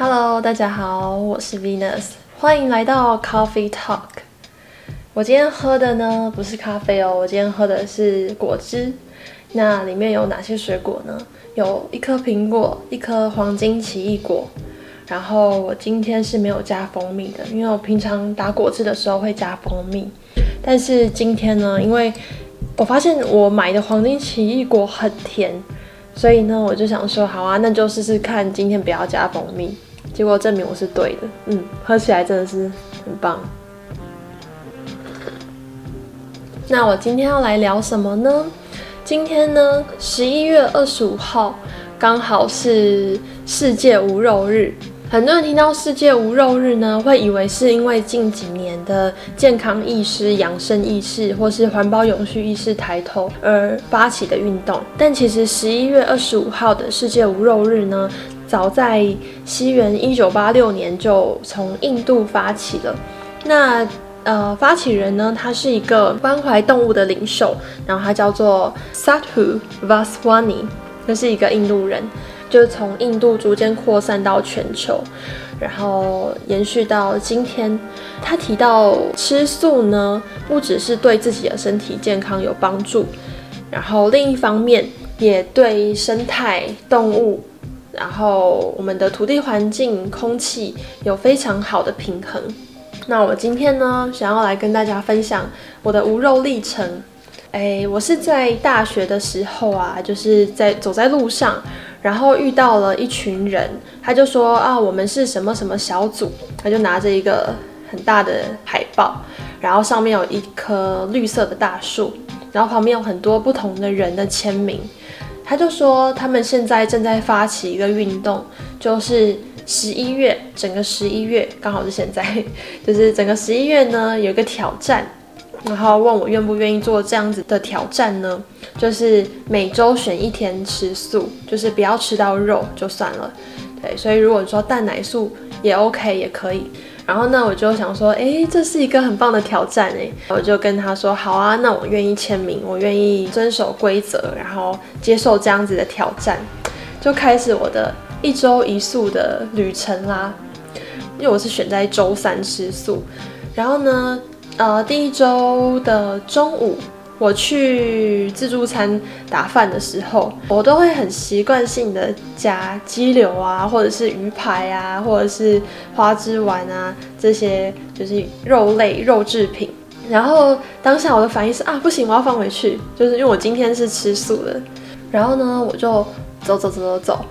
Hello，大家好，我是 Venus，歡迎來到 Coffee Talk。我今天喝的呢不是咖啡哦，我今天喝的是果汁。那裡面有哪些水果呢？有一顆蘋果，一顆黃金奇異果。然後我今天是沒有加蜂蜜的，因為我平常打果汁的時候會加蜂蜜，但是今天呢，因為我發現我買的黃金奇異果很甜，所以呢，我就想說，好啊，那就試試看，今天不要加蜂蜜。結果證明我是對的，嗯，喝起來真的是很棒。那我今天要來聊什麼呢？今天呢，十一月二十五號剛好是世界無肉日。很多人聽到世界無肉日呢，會以為是因為近幾年的健康意識、養生意識或是環保永續意識抬頭而發起的運動，但其實十一月二十五號的世界無肉日呢，早在西元一九八六年就從印度發起了。那呃，發起人呢，他是一個關懷動物的領袖，然後他叫做 Sadhu Vaswani。他是一個印度人，就是從印度逐漸擴散到全球，然後延續到今天。他提到吃素呢，不只是對自己的身體健康有幫助，然後另一方面也對生態動物。然後我們的土地環境、空氣有非常好的平衡。那我今天呢，想要來跟大家分享我的無肉歷程。誒，我是在大學的時候啊，就是在走在路上，然後遇到了一群人，他就說啊，我們是什麼什麼小組，他就拿着一個很大的海報，然後上面有一棵綠色的大樹，然後旁邊有很多不同的人的簽名。他就說，他們現在正在發起一個運動，就是十一月，整個十一月剛好是現在，就是整個十一月呢有一個挑戰，然後問我願不願意做這樣子的挑戰呢？就是每周選一天吃素，就是不要吃到肉就算了。對，所以如果說蛋奶素也 OK，也可以。然後呢，我就想說，哎，這是一個很棒的挑戰哎，我就跟他說，好啊，那我願意簽名，我願意遵守規則，然後接受這樣子的挑戰，就開始我的一周一素的旅程啦。因為我是選在周三吃素，然後呢，呃，第一周的中午，我去自助餐打飯的時候，我都會很習慣性的夾雞柳啊，或者是魚排啊，或者是花枝丸啊，這些就是肉類肉製品。然後當下我的反應是啊，不行，我要放回去，就是因為我今天是吃素的。然後呢，我就走走走走走，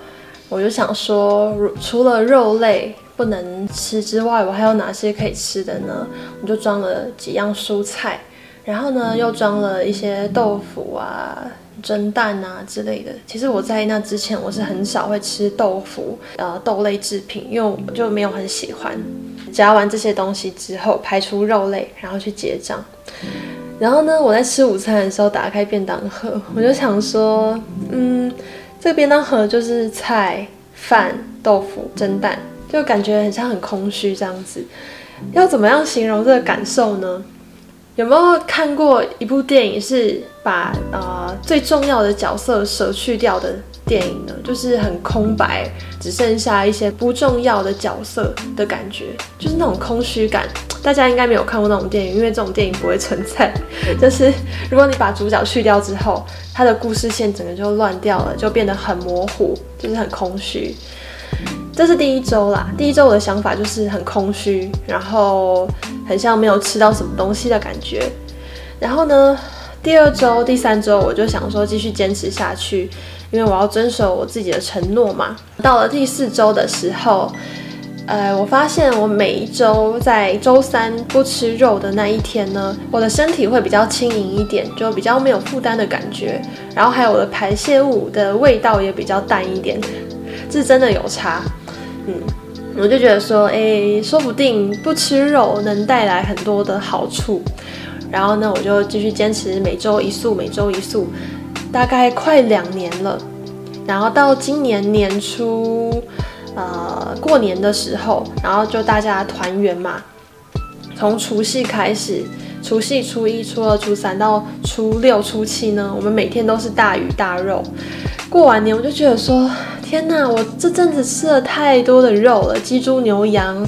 我就想說，除了肉類不能吃之外，我還有哪些可以吃的呢？我就裝了幾樣蔬菜。然後呢，又裝了一些豆腐啊、蒸蛋啊之類的。其實我在那之前，我是很少會吃豆腐、呃豆類製品，因為我就沒有很喜歡。夾完這些東西之後，排出肉類，然後去結賬。然後呢，我在吃午餐的時候打開便當盒，我就想說，嗯，這個便當盒就是菜、飯、豆腐、蒸蛋，就感覺很像很空虛這樣子。要怎麼樣形容這個感受呢？有沒有看過一部電影是把呃最重要的角色捨去掉的電影呢？就是很空白，只剩下一些不重要的角色的感覺，就是那種空虛感。大家應該沒有看過那種電影，因為這種電影不會存在。就是如果你把主角去掉之後，他的故事線整個就亂掉了，就變得很模糊，就是很空虛。這是第一週啦，第一週我的想法就是很空虛，然後很像沒有吃到什麼東西的感覺。然後呢，第二週、第三週我就想說繼續堅持下去，因為我要遵守我自己的承諾嘛。到了第四週的時候，呃，我發現我每一週在週三不吃肉的那一天呢，我的身體會比較輕盈一點，就比較沒有負擔的感覺。然後還有我的排泄物的味道也比較淡一點。是真的有差，嗯，我就覺得說，哎、欸，說不定不吃肉能帶來很多的好處。然後呢，我就繼續堅持每周一素，每周一素，大概快兩年了。然後到今年年初，呃，過年的時候，然後就大家團圓嘛，從除夕開始，除夕、初一、初二、初三到初六、初七呢，我們每天都是大魚大肉。過完年我就覺得說，天哪，我這陣子吃了太多的肉了，雞、豬、牛、羊，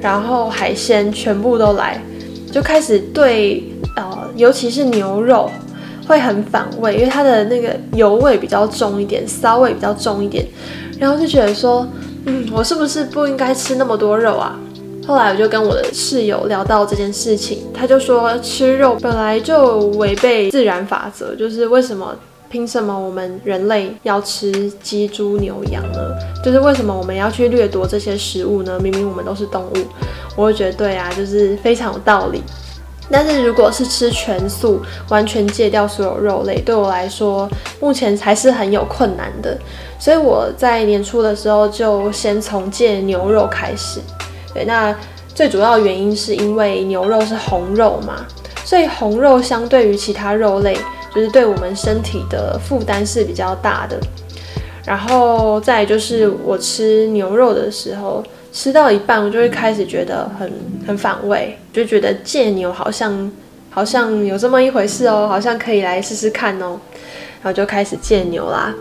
然後海鮮全部都來，就開始對，呃，尤其是牛肉會很反胃，因為它的那個油味比較重一點，騷味比較重一點，然後就覺得說，嗯，我是不是不應該吃那麼多肉啊？後來我就跟我的室友聊到這件事情，他就說吃肉本來就違背自然法則，就是為什麼？憑什麼我們人類要吃雞、豬、牛、羊呢？就是為什麼我們要去掠奪這些食物呢？明明我們都是動物，我會覺得對啊，就是非常有道理。但是如果是吃全素，完全戒掉所有肉類，對我來說目前還是很有困難的。所以我在年初的時候就先從戒牛肉開始。對，那最主要的原因是因為牛肉是紅肉嘛，所以紅肉相對於其他肉類。就是對我們身體的負擔是比較大的，然後再來就是我吃牛肉的時候，吃到一半我就會開始覺得很很反胃，就覺得戒牛好像好像有這麼一回事哦，好像可以來試試看哦，然後就開始戒牛啦。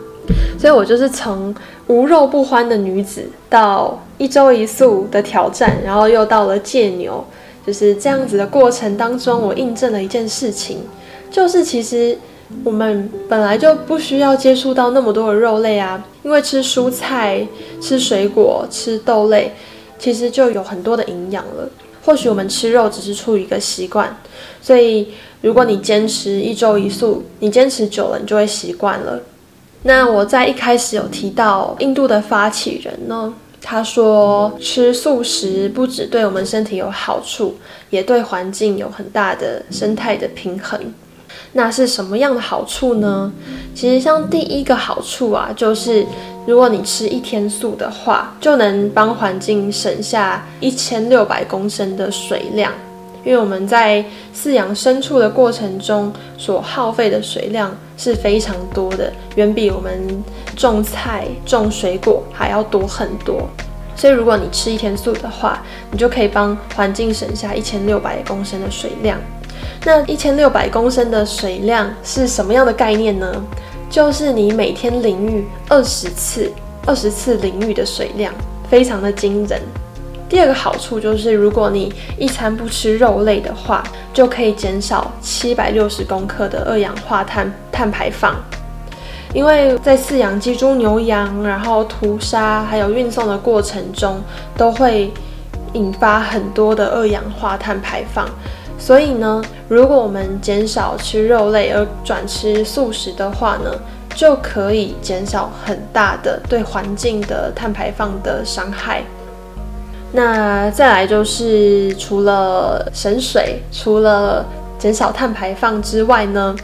所以我就是從無肉不歡的女子到一周一素的挑戰，然後又到了戒牛，就是這樣子的過程當中，我印證了一件事情。就是其實我們本來就不需要接觸到那麼多的肉類啊，因為吃蔬菜、吃水果、吃豆類，其實就有很多的營養了。或許我們吃肉只是出於一個習慣，所以如果你堅持一周一素，你堅持久了，你就會習慣了。那我在一開始有提到印度的發起人呢，他說吃素食不只對我們身體有好處，也對環境有很大的生態的平衡。那是什麼樣的好處呢？其實，像第一個好處啊，就是如果你吃一天素的話，就能幫環境省下一千六百公升的水量。因為我們在飼養牲畜的過程中所耗費的水量是非常多的，遠比我們種菜、種水果還要多很多。所以，如果你吃一天素的話，你就可以幫環境省下一千六百公升的水量。那一千六百公升的水量是什麼樣的概念呢？就是你每天淋浴二十次，二十次淋浴的水量非常的驚人。第二個好處就是，如果你一餐不吃肉類的話，就可以減少七百六十公克的二氧化碳碳排放。因為在飼養雞、豬、牛、羊，然後屠殺還有運送的過程中，都會引發很多的二氧化碳排放。所以呢，如果我們減少吃肉類而轉吃素食的話呢，就可以減少很大的對環境的碳排放的傷害。那再來就是，除了省水、除了減少碳排放之外呢，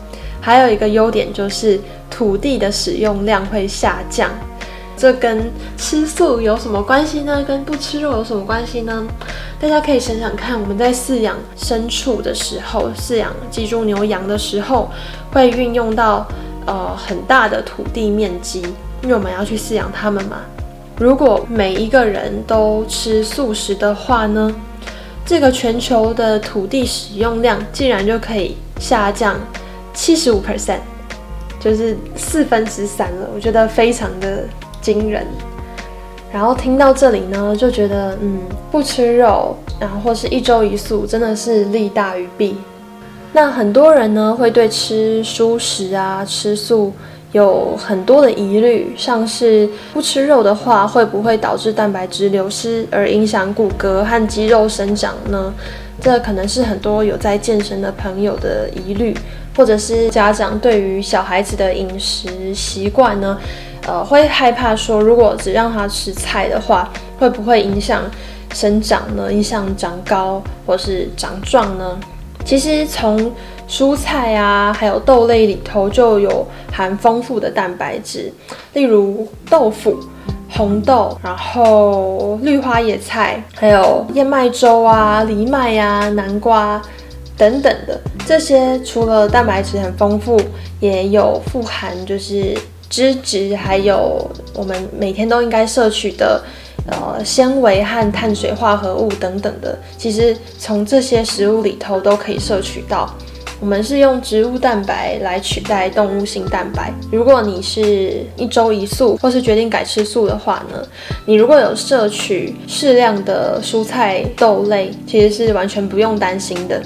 還有一個優點就是土地的使用量會下降。這跟吃素有什麼關係呢？跟不吃肉有什麼關係呢？大家可以想想看，我們在飼養牲畜的時候，飼養雞、豬、牛、羊的時候，會運用到呃很大的土地面積，因為我們要去飼養它們嘛。如果每一個人都吃素食的話呢，這個全球的土地使用量竟然就可以下降七十五 percent，就是四分之三了。我覺得非常的。驚人，然後聽到這裡呢，就覺得嗯，不吃肉，然、啊、後或是一周一素，真的是利大於弊。那很多人呢，會對吃蔬食啊、吃素有很多的疑慮，像是不吃肉的話，會不會導致蛋白質流失而影響骨骼和肌肉生長呢？這可能是很多有在健身的朋友的疑慮，或者是家長對於小孩子的飲食習慣呢？呃，會害怕說，如果只讓他吃菜的話，會不會影響生長呢？影響長高或是長壯呢？其實從蔬菜啊，還有豆類裡頭就有含豐富的蛋白質，例如豆腐、紅豆，然後綠花椰菜，還有燕麥粥啊、藜麥呀、啊、南瓜等等的這些，除了蛋白質很豐富，也有富含就是。脂質，還有我們每天都應該攝取的，呃，纖維和碳水化合物等等的，其實從這些食物裡頭都可以攝取到。我們是用植物蛋白來取代動物性蛋白。如果你是一周一素，或是決定改吃素的話呢，你如果有攝取適量的蔬菜豆類，其實是完全不用擔心的。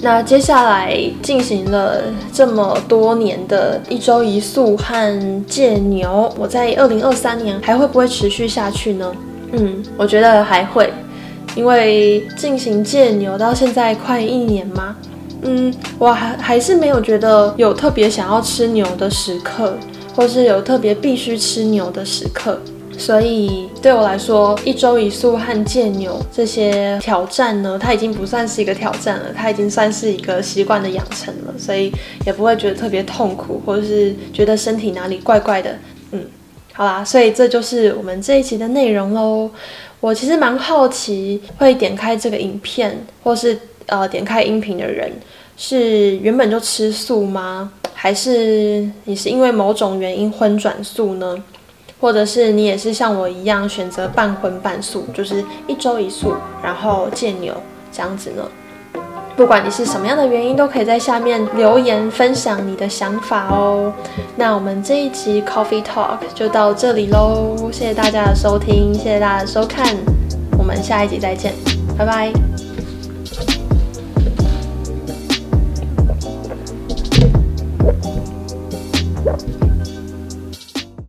那，接下來進行了這麼多年的一周一素和戒牛，我在二零二三年還會不會持續下去呢？嗯，我覺得還會，因為進行戒牛到現在快一年嘛。嗯，我還還是沒有覺得有特別想要吃牛的時刻，或是有特別必須吃牛的時刻。所以對我來說，一周一素和戒牛這些挑戰呢，它已經不算是一個挑戰了，它已經算是一個習慣的養成了，所以也不會覺得特別痛苦，或者是覺得身體哪裡怪怪的。嗯，好啦，所以這就是我們這一期的內容嘍。我其實蠻好奇，會點開這個影片或是呃點開音頻的人，是原本就吃素嗎？還是你是因為某種原因葷轉素呢？或者是你也是像我一樣選擇半葷半素，就是一周一素，然後戒牛這樣子呢？不管你是什麼樣的原因，都可以在下面留言分享你的想法哦。那我們這一集 Coffee Talk 就到這裡嘍，謝謝大家的收聽，謝謝大家的收看，我們下一集再見，拜拜。